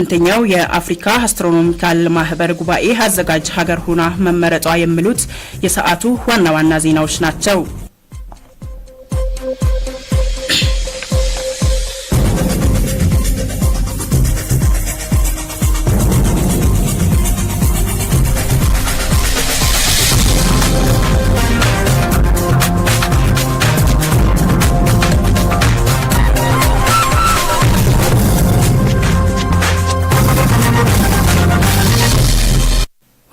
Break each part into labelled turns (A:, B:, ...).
A: ስምንተኛው የአፍሪካ አስትሮኖሚካል ማህበር ጉባኤ አዘጋጅ ሀገር ሆና መመረጧ የሚሉት የሰዓቱ ዋና ዋና ዜናዎች ናቸው።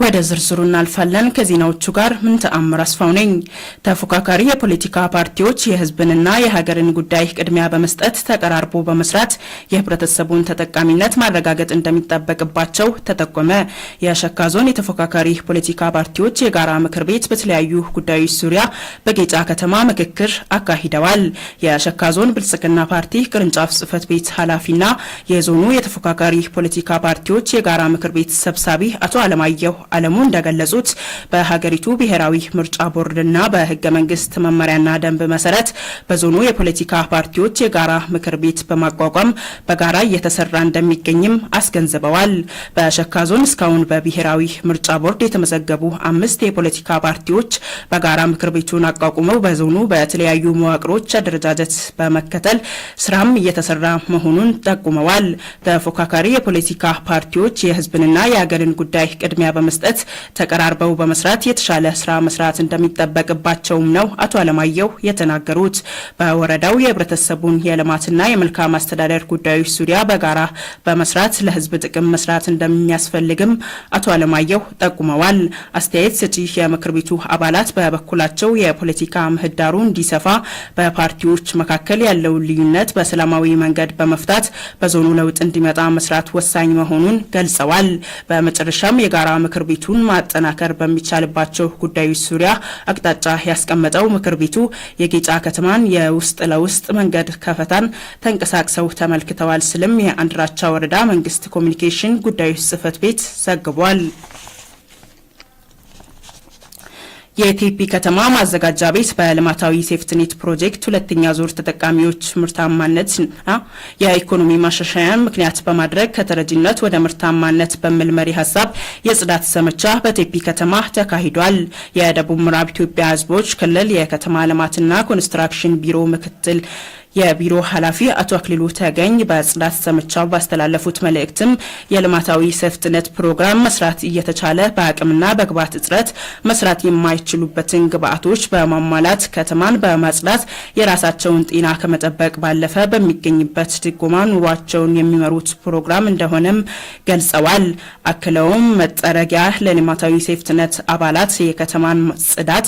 A: ወደ ዝርዝሩ እናልፋለን። ከዜናዎቹ ጋር ምን ተአምር አስፋው ነኝ። ተፎካካሪ የፖለቲካ ፓርቲዎች የህዝብንና የሀገርን ጉዳይ ቅድሚያ በመስጠት ተቀራርቦ በመስራት የህብረተሰቡን ተጠቃሚነት ማረጋገጥ እንደሚጠበቅባቸው ተጠቆመ። የሸካ ዞን የተፎካካሪ ፖለቲካ ፓርቲዎች የጋራ ምክር ቤት በተለያዩ ጉዳዮች ዙሪያ በጌጫ ከተማ ምክክር አካሂደዋል። የሸካ ዞን ብልጽግና ፓርቲ ቅርንጫፍ ጽህፈት ቤት ኃላፊና የዞኑ የተፎካካሪ ፖለቲካ ፓርቲዎች የጋራ ምክር ቤት ሰብሳቢ አቶ አለማየሁ አለሙ እንደገለጹት በሀገሪቱ ብሔራዊ ምርጫ ቦርድና በህገ መንግስት መመሪያና ደንብ መሰረት በዞኑ የፖለቲካ ፓርቲዎች የጋራ ምክር ቤት በማቋቋም በጋራ እየተሰራ እንደሚገኝም አስገንዝበዋል። በሸካ ዞን እስካሁን በብሔራዊ ምርጫ ቦርድ የተመዘገቡ አምስት የፖለቲካ ፓርቲዎች በጋራ ምክር ቤቱን አቋቁመው በዞኑ በተለያዩ መዋቅሮች አደረጃጀት በመከተል ስራም እየተሰራ መሆኑን ጠቁመዋል። ተፎካካሪ የፖለቲካ ፓርቲዎች የህዝብንና የሀገርን ጉዳይ ቅድሚያ በመስጠት በመስጠት ተቀራርበው በመስራት የተሻለ ስራ መስራት እንደሚጠበቅባቸውም ነው አቶ አለማየሁ የተናገሩት። በወረዳው የህብረተሰቡን የልማትና የመልካም አስተዳደር ጉዳዮች ዙሪያ በጋራ በመስራት ለህዝብ ጥቅም መስራት እንደሚያስፈልግም አቶ አለማየሁ ጠቁመዋል። አስተያየት ሰጪ የምክር ቤቱ አባላት በበኩላቸው የፖለቲካ ምህዳሩ እንዲሰፋ በፓርቲዎች መካከል ያለውን ልዩነት በሰላማዊ መንገድ በመፍታት በዞኑ ለውጥ እንዲመጣ መስራት ወሳኝ መሆኑን ገልጸዋል። በመጨረሻም የጋራ ምክር ቤቱ ቤቱን ማጠናከር በሚቻልባቸው ጉዳዮች ዙሪያ አቅጣጫ ያስቀመጠው ምክር ቤቱ የጌጫ ከተማን የውስጥ ለውስጥ መንገድ ከፈታን ተንቀሳቅሰው ተመልክተዋል ስልም የአንድራቻ ወረዳ መንግስት ኮሚኒኬሽን ጉዳዮች ጽህፈት ቤት ዘግቧል። የቴፒ ከተማ ማዘጋጃ ቤት በልማታዊ ሴፍትኔት ፕሮጀክት ሁለተኛ ዙር ተጠቃሚዎች ምርታማነትና የኢኮኖሚ ማሻሻያን ምክንያት በማድረግ ከተረጂነት ወደ ምርታማነት በሚል መሪ ሀሳብ የጽዳት ዘመቻ በቴፒ ከተማ ተካሂዷል። የደቡብ ምዕራብ ኢትዮጵያ ሕዝቦች ክልል የከተማ ልማትና ኮንስትራክሽን ቢሮ ምክትል የቢሮ ኃላፊ አቶ አክሊሉ ተገኝ በጽዳት ዘመቻው ባስተላለፉት መልእክትም የልማታዊ ሰፍጥነት ፕሮግራም መስራት እየተቻለ በአቅምና በግብዓት እጥረት መስራት የማይችሉበትን ግብዓቶች በማሟላት ከተማን በማጽዳት የራሳቸውን ጤና ከመጠበቅ ባለፈ በሚገኝበት ድጎማ ኑሯቸውን የሚመሩት ፕሮግራም እንደሆነም ገልጸዋል። አክለውም መጠረጊያ ለልማታዊ ሴፍትነት አባላት የከተማን ጽዳት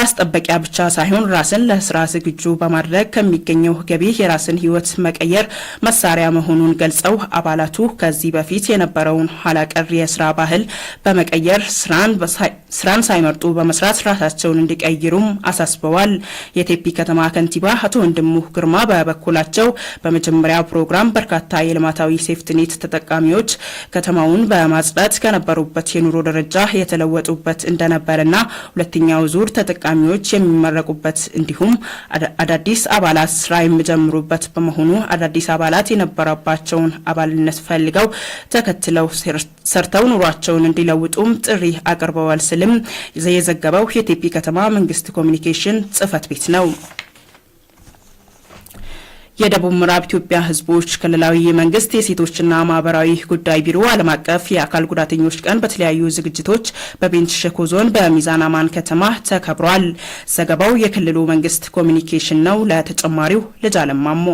A: ማስጠበቂያ ብቻ ሳይሆን ራስን ለስራ ዝግጁ በማድረግ ከሚገኘው ገቢ የራስን ህይወት መቀየር መሳሪያ መሆኑን ገልጸው አባላቱ ከዚህ በፊት የነበረውን ኋላቀር የስራ ባህል በመቀየር ስራን ሳይመርጡ በመስራት ራሳቸውን እንዲቀይሩም አሳስበዋል። የቴፒ ከተማ ከንቲባ አቶ ወንድሙ ግርማ በበኩላቸው በመጀመሪያ ፕሮግራም በርካታ የልማታዊ ሴፍትኔት ተጠቃሚዎች ከተማውን በማጽዳት ከነበሩበት የኑሮ ደረጃ የተለወጡበት እንደነበረና ሁለተኛው ዙር ተጠቃሚዎች የሚመረቁበት እንዲሁም አዳዲስ አባላት ስራ የሚጀምሩበት በመሆኑ አዳዲስ አባላት የነበረባቸውን አባልነት ፈልገው ተከትለው ሰርተው ኑሯቸውን እንዲለውጡም ጥሪ አቅርበዋል ስልም የዘገበው የቴፒ ከተማ መንግስት ኮሚኒኬሽን ጽህፈት ቤት ነው። የደቡብ ምዕራብ ኢትዮጵያ ህዝቦች ክልላዊ መንግስት የሴቶችና ማህበራዊ ጉዳይ ቢሮ ዓለም አቀፍ የአካል ጉዳተኞች ቀን በተለያዩ ዝግጅቶች በቤንች ሸኮ ዞን በሚዛን አማን ከተማ ተከብሯል። ዘገባው የክልሉ መንግስት ኮሚኒኬሽን ነው። ለተጨማሪው ልጅ አለማሞ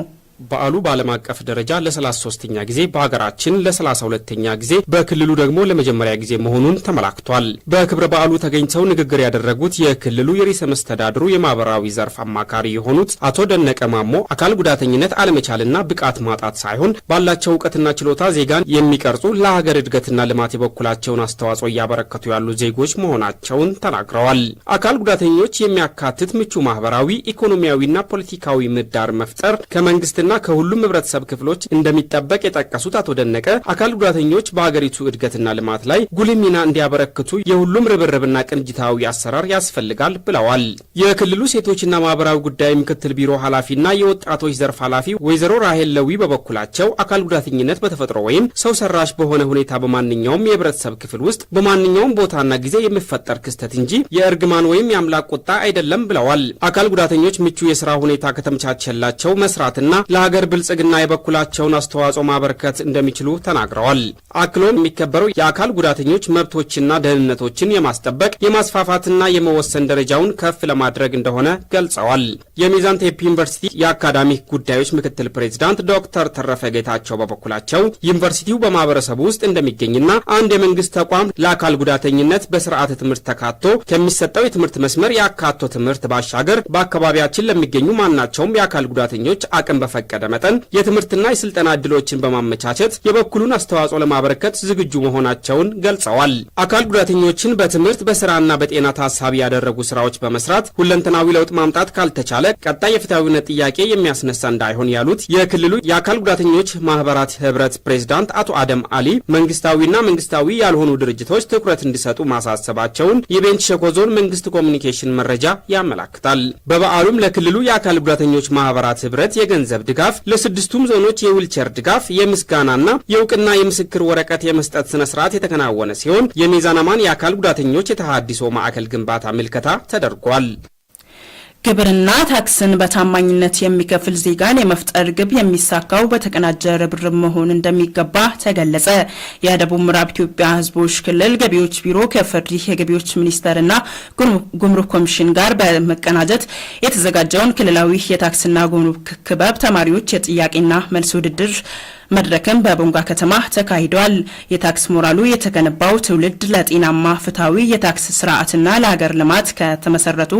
B: በዓሉ በዓለም አቀፍ ደረጃ ለ33ኛ ጊዜ በሀገራችን ለ32ኛ ጊዜ በክልሉ ደግሞ ለመጀመሪያ ጊዜ መሆኑን ተመላክቷል። በክብረ በዓሉ ተገኝተው ንግግር ያደረጉት የክልሉ የርዕሰ መስተዳድሩ የማህበራዊ ዘርፍ አማካሪ የሆኑት አቶ ደነቀ ማሞ አካል ጉዳተኝነት አለመቻልና ብቃት ማጣት ሳይሆን ባላቸው እውቀትና ችሎታ ዜጋን የሚቀርጹ ለሀገር እድገትና ልማት የበኩላቸውን አስተዋጽኦ እያበረከቱ ያሉ ዜጎች መሆናቸውን ተናግረዋል። አካል ጉዳተኞች የሚያካትት ምቹ ማህበራዊ ኢኮኖሚያዊና ፖለቲካዊ ምህዳር መፍጠር ከመንግስትና ከወጣቱና ከሁሉም ህብረተሰብ ክፍሎች እንደሚጠበቅ የጠቀሱት አቶ ደነቀ አካል ጉዳተኞች በሀገሪቱ እድገትና ልማት ላይ ጉልህ ሚና እንዲያበረክቱ የሁሉም ርብርብና ቅንጅታዊ አሰራር ያስፈልጋል ብለዋል። የክልሉ ሴቶችና ማህበራዊ ጉዳይ ምክትል ቢሮ ኃላፊና የወጣቶች ዘርፍ ኃላፊ ወይዘሮ ራሄል ለዊ በበኩላቸው አካል ጉዳተኝነት በተፈጥሮ ወይም ሰው ሰራሽ በሆነ ሁኔታ በማንኛውም የህብረተሰብ ክፍል ውስጥ በማንኛውም ቦታና ጊዜ የሚፈጠር ክስተት እንጂ የእርግማን ወይም የአምላክ ቁጣ አይደለም ብለዋል። አካል ጉዳተኞች ምቹ የስራ ሁኔታ ከተመቻቸላቸው መስራትና ለሀገር ብልጽግና የበኩላቸውን አስተዋጽኦ ማበርከት እንደሚችሉ ተናግረዋል። አክሎም የሚከበረው የአካል ጉዳተኞች መብቶችና ደህንነቶችን የማስጠበቅ የማስፋፋትና የመወሰን ደረጃውን ከፍ ለማድረግ እንደሆነ ገልጸዋል። የሚዛን ቴፒ ዩኒቨርሲቲ የአካዳሚክ ጉዳዮች ምክትል ፕሬዚዳንት ዶክተር ተረፈ ጌታቸው በበኩላቸው ዩኒቨርሲቲው በማህበረሰቡ ውስጥ እንደሚገኝና አንድ የመንግስት ተቋም ለአካል ጉዳተኝነት በስርዓተ ትምህርት ተካቶ ከሚሰጠው የትምህርት መስመር የአካቶ ትምህርት ባሻገር በአካባቢያችን ለሚገኙ ማናቸውም የአካል ጉዳተኞች አቅም በፈ በፈቀደ መጠን የትምህርትና የስልጠና እድሎችን በማመቻቸት የበኩሉን አስተዋጽኦ ለማበረከት ዝግጁ መሆናቸውን ገልጸዋል። አካል ጉዳተኞችን በትምህርት በስራና በጤና ታሳቢ ያደረጉ ስራዎች በመስራት ሁለንተናዊ ለውጥ ማምጣት ካልተቻለ ቀጣይ የፍትሐዊነት ጥያቄ የሚያስነሳ እንዳይሆን ያሉት የክልሉ የአካል ጉዳተኞች ማህበራት ህብረት ፕሬዝዳንት አቶ አደም አሊ መንግስታዊና መንግስታዊ ያልሆኑ ድርጅቶች ትኩረት እንዲሰጡ ማሳሰባቸውን የቤንች ሸኮ ዞን መንግስት ኮሚኒኬሽን መረጃ ያመላክታል። በበዓሉም ለክልሉ የአካል ጉዳተኞች ማህበራት ህብረት የገንዘብ ድጋፍ፣ ለስድስቱም ዞኖች የዊልቸር ድጋፍ፣ የምስጋናና የእውቅና የምስክር ወረቀት የመስጠት ስነ ስርዓት የተከናወነ ሲሆን የሚዛናማን አማን የአካል ጉዳተኞች የተሃድሶ ማዕከል ግንባታ ምልከታ ተደርጓል።
A: ግብርና ታክስን በታማኝነት የሚከፍል ዜጋን የመፍጠር ግብ የሚሳካው በተቀናጀ ርብርብ መሆን እንደሚገባ ተገለጸ። የደቡብ ምዕራብ ኢትዮጵያ ሕዝቦች ክልል ገቢዎች ቢሮ ከፍርድ የገቢዎች ሚኒስቴርና ጉምሩክ ኮሚሽን ጋር በመቀናጀት የተዘጋጀውን ክልላዊ የታክስና ጉምሩክ ክበብ ተማሪዎች የጥያቄና መልስ ውድድር መድረክም በቦንጋ ከተማ ተካሂዷል። የታክስ ሞራሉ የተገነባው ትውልድ ለጤናማ ፍትሐዊ የታክስ ስርዓትና ለሀገር ልማት ከተመሰረቱ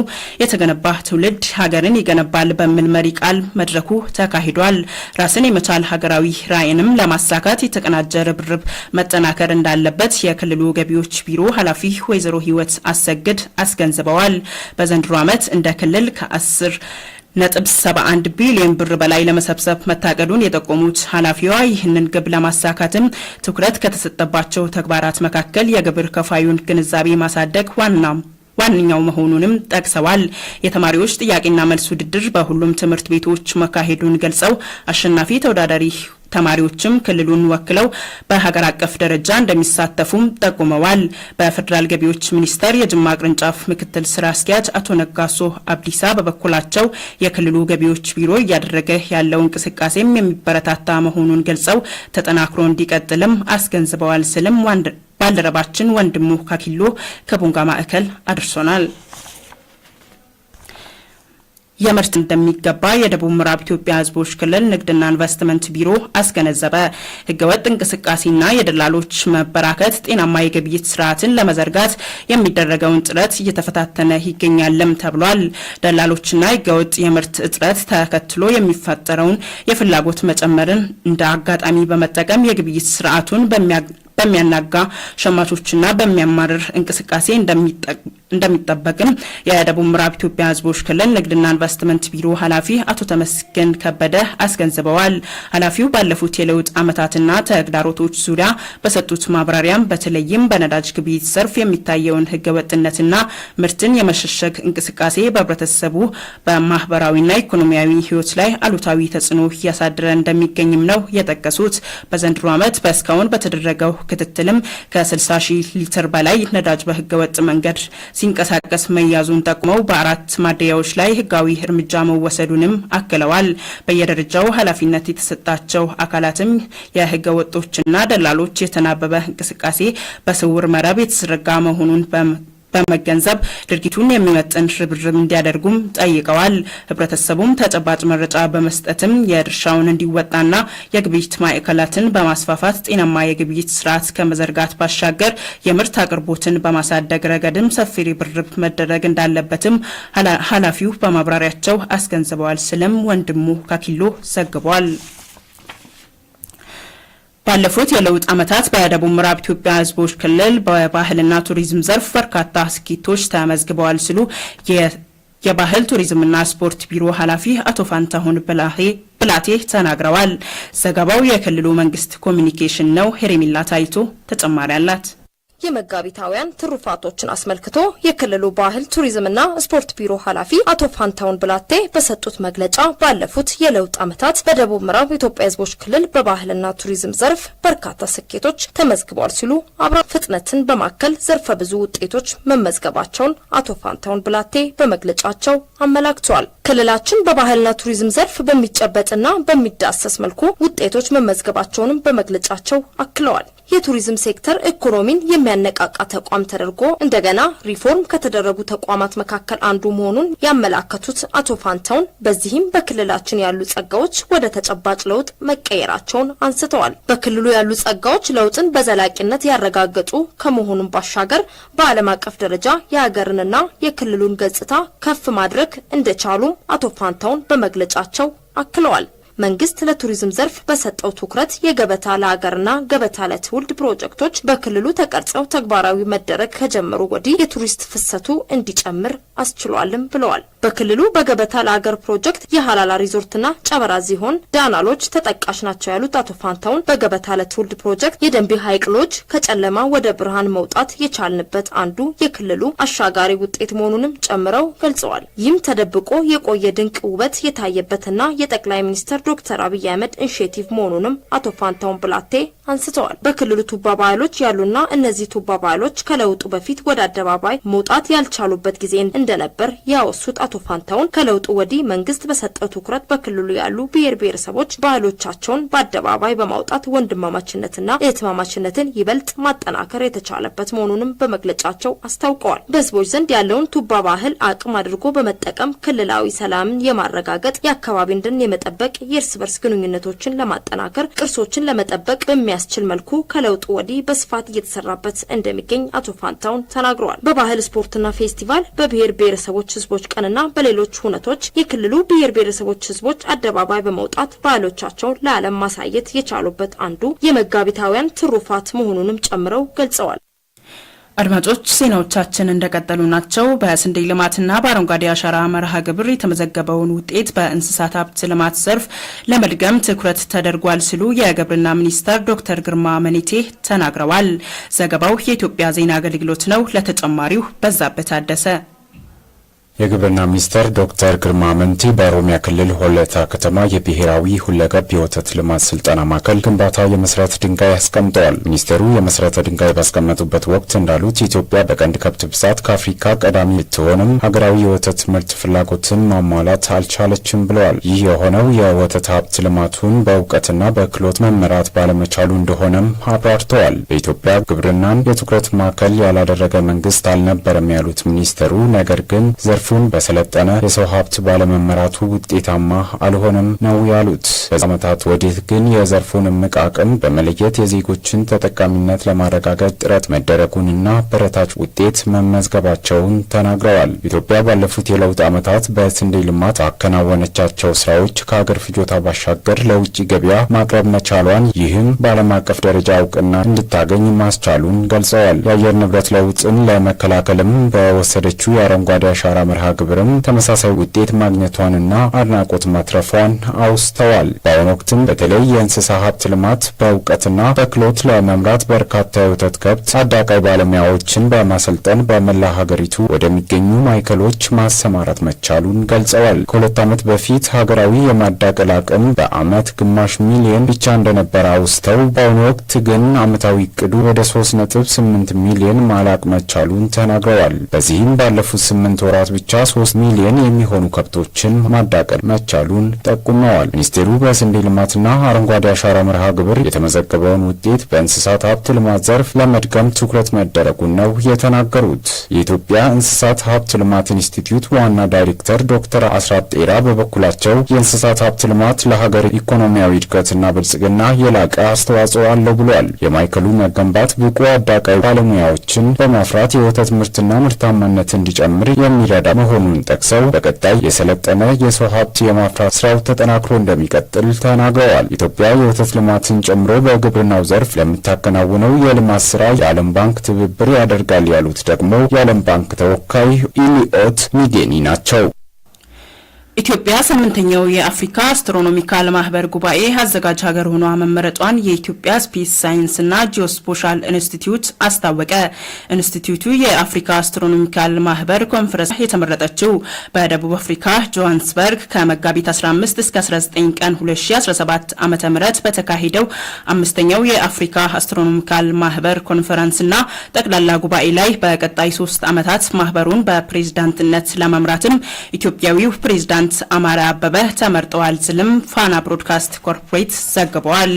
A: የተገነባ ትውልድ ሀገርን ይገነባል በሚል መሪ ቃል መድረኩ ተካሂዷል። ራስን የመቻል ሀገራዊ ራዕይንም ለማሳካት የተቀናጀ ርብርብ መጠናከር እንዳለበት የክልሉ ገቢዎች ቢሮ ኃላፊ ወይዘሮ ህይወት አሰግድ አስገንዝበዋል። በዘንድሮ ዓመት እንደ ክልል ከአስር ነጥብ 71 ቢሊዮን ብር በላይ ለመሰብሰብ መታቀዱን የጠቆሙት ኃላፊዋ ይህንን ግብ ለማሳካትም ትኩረት ከተሰጠባቸው ተግባራት መካከል የግብር ከፋዩን ግንዛቤ ማሳደግ ዋና ዋነኛው መሆኑንም ጠቅሰዋል። የተማሪዎች ጥያቄና መልስ ውድድር በሁሉም ትምህርት ቤቶች መካሄዱን ገልጸው አሸናፊ ተወዳዳሪ ተማሪዎችም ክልሉን ወክለው በሀገር አቀፍ ደረጃ እንደሚሳተፉም ጠቁመዋል። በፌዴራል ገቢዎች ሚኒስቴር የጅማ ቅርንጫፍ ምክትል ስራ አስኪያጅ አቶ ነጋሶ አብዲሳ በበኩላቸው የክልሉ ገቢዎች ቢሮ እያደረገ ያለው እንቅስቃሴም የሚበረታታ መሆኑን ገልጸው ተጠናክሮ እንዲቀጥልም አስገንዝበዋል። ስልም ባልደረባችን ወንድሙ ካኪሎ ከቦንጋ ማዕከል አድርሶናል። የምርት እንደሚገባ የደቡብ ምዕራብ ኢትዮጵያ ህዝቦች ክልል ንግድና ኢንቨስትመንት ቢሮ አስገነዘበ። ህገወጥ እንቅስቃሴና የደላሎች መበራከት ጤናማ የግብይት ስርዓትን ለመዘርጋት የሚደረገውን ጥረት እየተፈታተነ ይገኛልም ተብሏል። ደላሎችና ህገወጥ የምርት እጥረት ተከትሎ የሚፈጠረውን የፍላጎት መጨመርን እንደ አጋጣሚ በመጠቀም የግብይት ስርዓቱን በሚያናጋ ሸማቾችና በሚያማርር እንቅስቃሴ እንደሚጠበቅም የደቡብ ምዕራብ ኢትዮጵያ ህዝቦች ክልል ንግድና ኢንቨስትመንት ቢሮ ኃላፊ አቶ ተመስገን ከበደ አስገንዝበዋል። ኃላፊው ባለፉት የለውጥ ዓመታትና ተግዳሮቶች ዙሪያ በሰጡት ማብራሪያም በተለይም በነዳጅ ግብይት ዘርፍ የሚታየውን ህገወጥነትና ምርትን የመሸሸግ እንቅስቃሴ በህብረተሰቡ በማህበራዊና ኢኮኖሚያዊ ህይወት ላይ አሉታዊ ተጽዕኖ እያሳደረ እንደሚገኝም ነው የጠቀሱት። በዘንድሮ ዓመት በእስካሁን በተደረገው ክትትልም ከ60 ሺህ ሊትር በላይ ነዳጅ በህገወጥ መንገድ ሲንቀሳቀስ መያዙን ጠቁመው በአራት ማደያዎች ላይ ህጋዊ እርምጃ መወሰዱንም አክለዋል። በየደረጃው ኃላፊነት የተሰጣቸው አካላትም የህገወጦችና ደላሎች የተናበበ እንቅስቃሴ በስውር መረብ የተዘረጋ መሆኑን በመገንዘብ ድርጊቱን የሚመጥን ርብርብ እንዲያደርጉም ጠይቀዋል። ህብረተሰቡም ተጨባጭ መረጃ በመስጠትም የድርሻውን እንዲወጣና የግብይት ማዕከላትን በማስፋፋት ጤናማ የግብይት ስርዓት ከመዘርጋት ባሻገር የምርት አቅርቦትን በማሳደግ ረገድም ሰፊ ርብርብ መደረግ እንዳለበትም ኃላፊው በማብራሪያቸው አስገንዝበዋል። ስለም ወንድሙ ካኪሎ ዘግቧል። ባለፉት የለውጥ ዓመታት በደቡብ ምዕራብ ኢትዮጵያ ህዝቦች ክልል በባህልና ቱሪዝም ዘርፍ በርካታ ስኬቶች ተመዝግበዋል ሲሉ የባህል ቱሪዝምና ስፖርት ቢሮ ኃላፊ አቶ ፋንታሁን ብላቴ ተናግረዋል። ዘገባው የክልሉ መንግስት ኮሚኒኬሽን ነው። ሄሬሚላ ታይቶ ተጨማሪ አላት። የመጋቢታውያን ትሩፋቶችን አስመልክቶ የክልሉ ባህል ቱሪዝምና ስፖርት ቢሮ ኃላፊ አቶ ፋንታውን ብላቴ በሰጡት መግለጫ ባለፉት የለውጥ ዓመታት በደቡብ ምዕራብ ኢትዮጵያ ሕዝቦች ክልል በባህልና ቱሪዝም ዘርፍ በርካታ ስኬቶች ተመዝግበዋል ሲሉ አብራ ፍጥነትን በማከል ዘርፈ ብዙ ውጤቶች መመዝገባቸውን አቶ ፋንታውን ብላቴ በመግለጫቸው አመላክተዋል። ክልላችን በባህልና ቱሪዝም ዘርፍ በሚጨበጥና በሚዳሰስ መልኩ ውጤቶች መመዝገባቸውንም በመግለጫቸው አክለዋል። የቱሪዝም ሴክተር ኢኮኖሚን የሚያነቃቃ ተቋም ተደርጎ እንደገና ሪፎርም ከተደረጉ ተቋማት መካከል አንዱ መሆኑን ያመላከቱት አቶ ፋንታውን በዚህም በክልላችን ያሉ ጸጋዎች ወደ ተጨባጭ ለውጥ መቀየራቸውን አንስተዋል። በክልሉ ያሉ ጸጋዎች ለውጥን በዘላቂነት ያረጋገጡ ከመሆኑን ባሻገር በዓለም አቀፍ ደረጃ የሀገርንና የክልሉን ገጽታ ከፍ ማድረግ እንደቻሉም አቶ ፋንታውን በመግለጫቸው አክለዋል። መንግስት ለቱሪዝም ዘርፍ በሰጠው ትኩረት የገበታ ለሀገርና ገበታ ለትውልድ ፕሮጀክቶች በክልሉ ተቀርጸው ተግባራዊ መደረግ ከጀመሩ ወዲህ የቱሪስት ፍሰቱ እንዲጨምር አስችሏልም ብለዋል። በክልሉ በገበታ ለሀገር ፕሮጀክት የሀላላ ሪዞርትና ጨበራ ዚሆን ዳናሎች ተጠቃሽ ናቸው ያሉት አቶ ፋንታውን በገበታ ለትውልድ ፕሮጀክት የደንቢ ሐይቅ ሎጅ ከጨለማ ወደ ብርሃን መውጣት የቻልንበት አንዱ የክልሉ አሻጋሪ ውጤት መሆኑንም ጨምረው ገልጸዋል። ይህም ተደብቆ የቆየ ድንቅ ውበት የታየበትና የጠቅላይ ሚኒስትር ዶክተር አብይ አህመድ ኢንሼቲቭ መሆኑንም አቶ ፋንታውን ብላቴ አንስተዋል። በክልሉ ቱባ ባህሎች ያሉና እነዚህ ቱባ ባህሎች ከለውጡ በፊት ወደ አደባባይ መውጣት ያልቻሉበት ጊዜ እንደነበር ያወሱት አቶ ፋንታውን ከለውጡ ወዲህ መንግስት በሰጠው ትኩረት በክልሉ ያሉ ብሔር ብሔረሰቦች ባህሎቻቸውን በአደባባይ በማውጣት ወንድማማችነትና እህትማማችነትን ይበልጥ ማጠናከር የተቻለበት መሆኑንም በመግለጫቸው አስታውቀዋል። በህዝቦች ዘንድ ያለውን ቱባ ባህል አቅም አድርጎ በመጠቀም ክልላዊ ሰላምን የማረጋገጥ የአካባቢ አንድነትን የመጠበቅ የእርስ በርስ ግንኙነቶችን ለማጠናከር ቅርሶችን ለመጠበቅ በሚያስችል መልኩ ከለውጡ ወዲህ በስፋት እየተሰራበት እንደሚገኝ አቶ ፋንታውን ተናግረዋል። በባህል ስፖርትና ፌስቲቫል፣ በብሔር ብሔረሰቦች ህዝቦች ቀንና በሌሎች ሁነቶች የክልሉ ብሔር ብሔረሰቦች ህዝቦች አደባባይ በመውጣት ባህሎቻቸውን ለዓለም ማሳየት የቻሉበት አንዱ የመጋቢታውያን ትሩፋት መሆኑንም ጨምረው ገልጸዋል። አድማጮች ዜናዎቻችን እንደቀጠሉ ናቸው። በስንዴ ልማትና በአረንጓዴ አሻራ መርሃ ግብር የተመዘገበውን ውጤት በእንስሳት ሀብት ልማት ዘርፍ ለመድገም ትኩረት ተደርጓል ሲሉ የግብርና ሚኒስተር ዶክተር ግርማ መኔቴ ተናግረዋል። ዘገባው የኢትዮጵያ ዜና አገልግሎት ነው። ለተጨማሪው በዛብህ ታደሰ
C: የግብርና ሚኒስትር ዶክተር ግርማ መንቲ በኦሮሚያ ክልል ሆለታ ከተማ የብሔራዊ ሁለገብ የወተት ልማት ስልጠና ማዕከል ግንባታ የመሰረተ ድንጋይ አስቀምጠዋል። ሚኒስቴሩ የመሰረተ ድንጋይ ባስቀመጡበት ወቅት እንዳሉት ኢትዮጵያ በቀንድ ከብት ብዛት ከአፍሪካ ቀዳሚ ብትሆንም ሀገራዊ የወተት ምርት ፍላጎትን ማሟላት አልቻለችም ብለዋል። ይህ የሆነው የወተት ሀብት ልማቱን በእውቀትና በክህሎት መመራት ባለመቻሉ እንደሆነም አብራርተዋል። በኢትዮጵያ ግብርናን የትኩረት ማዕከል ያላደረገ መንግስት አልነበረም ያሉት ሚኒስትሩ ነገር ግን ዘርፍ ችግሮቹን በሰለጠነ የሰው ሀብት ባለመመራቱ ውጤታማ አልሆነም ነው ያሉት። ከዚህ ዓመታት ወዲህ ግን የዘርፉን እምቅ አቅም በመለየት የዜጎችን ተጠቃሚነት ለማረጋገጥ ጥረት መደረጉንና በረታች ውጤት መመዝገባቸውን ተናግረዋል። ኢትዮጵያ ባለፉት የለውጥ ዓመታት በስንዴ ልማት አከናወነቻቸው ስራዎች ከሀገር ፍጆታ ባሻገር ለውጭ ገበያ ማቅረብ መቻሏን ይህም በዓለም አቀፍ ደረጃ እውቅና እንድታገኝ ማስቻሉን ገልጸዋል። የአየር ንብረት ለውጥን ለመከላከልም በወሰደችው የአረንጓዴ አሻራ መርሃ ግብርም ተመሳሳይ ውጤት ማግኘቷንና አድናቆት ማትረፏን አውስተዋል። በአሁኑ ወቅትም በተለይ የእንስሳ ሀብት ልማት በእውቀትና በክሎት ለመምራት በርካታ የወተት ከብት አዳቃይ ባለሙያዎችን በማሰልጠን በመላ ሀገሪቱ ወደሚገኙ ማዕከሎች ማሰማራት መቻሉን ገልጸዋል። ከሁለት ዓመት በፊት ሀገራዊ የማዳቀል አቅም በዓመት ግማሽ ሚሊዮን ብቻ እንደነበረ አውስተው በአሁኑ ወቅት ግን ዓመታዊ እቅዱ ወደ 3.8 ሚሊዮን ማላቅ መቻሉን ተናግረዋል። በዚህም ባለፉት ስምንት ወራት ብቻ 3 ሚሊዮን የሚሆኑ ከብቶችን ማዳቀል መቻሉን ጠቁመዋል። ሚኒስቴሩ በስንዴ ልማትና አረንጓዴ አሻራ መርሃ ግብር የተመዘገበውን ውጤት በእንስሳት ሀብት ልማት ዘርፍ ለመድገም ትኩረት መደረጉን ነው የተናገሩት። የኢትዮጵያ እንስሳት ሀብት ልማት ኢንስቲትዩት ዋና ዳይሬክተር ዶክተር አስራት ጤራ በበኩላቸው የእንስሳት ሀብት ልማት ለሀገር ኢኮኖሚያዊ እድገትና ብልጽግና የላቀ አስተዋጽኦ አለው ብሏል። የማዕከሉ መገንባት ብቁ አዳቃይ ባለሙያዎችን በማፍራት የወተት ምርትና ምርታማነት እንዲጨምር የሚረዳ መሆኑን ጠቅሰው በቀጣይ የሰለጠነ የሰው ሀብት የማፍራት ስራው ተጠናክሮ እንደሚቀጥል ተናግረዋል። ኢትዮጵያ የወተት ልማትን ጨምሮ በግብርናው ዘርፍ ለምታከናውነው የልማት ስራ የዓለም ባንክ ትብብር ያደርጋል ያሉት ደግሞ የዓለም ባንክ ተወካይ ኢሊኦት ሚጌኒ ናቸው።
A: ኢትዮጵያ ስምንተኛው የአፍሪካ አስትሮኖሚካል ማህበር ጉባኤ አዘጋጅ ሀገር ሆኗ መመረጧን የኢትዮጵያ ስፔስ ሳይንስና ጂኦስፖሻል ኢንስቲትዩት አስታወቀ። ኢንስቲትዩቱ የአፍሪካ አስትሮኖሚካል ማህበር ኮንፈረንስ የተመረጠችው በደቡብ አፍሪካ ጆሃንስበርግ ከመጋቢት 15 እስከ 19 ቀን 2017 ዓ ም በተካሄደው አምስተኛው የአፍሪካ አስትሮኖሚካል ማህበር ኮንፈረንስና ጠቅላላ ጉባኤ ላይ በቀጣይ ሶስት ዓመታት ማህበሩን በፕሬዝዳንትነት ለመምራትም ኢትዮጵያዊው ፕሬዝዳንት ፕሬዝዳንት አማረ አበበ ተመርጠዋል ስልም ፋና ብሮድካስት ኮርፖሬት ዘግበዋል።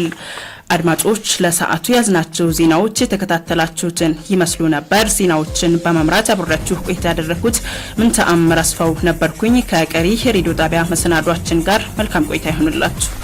A: አድማጮች ለሰዓቱ ያዝናቸው ዜናዎች የተከታተላችሁትን ይመስሉ ነበር። ዜናዎችን በመምራት አብሬያችሁ ቆይታ ያደረግኩት ምንተአምር አስፋው ነበርኩኝ። ከቀሪ ሬዲዮ ጣቢያ መሰናዷችን ጋር መልካም ቆይታ ይሆንላችሁ።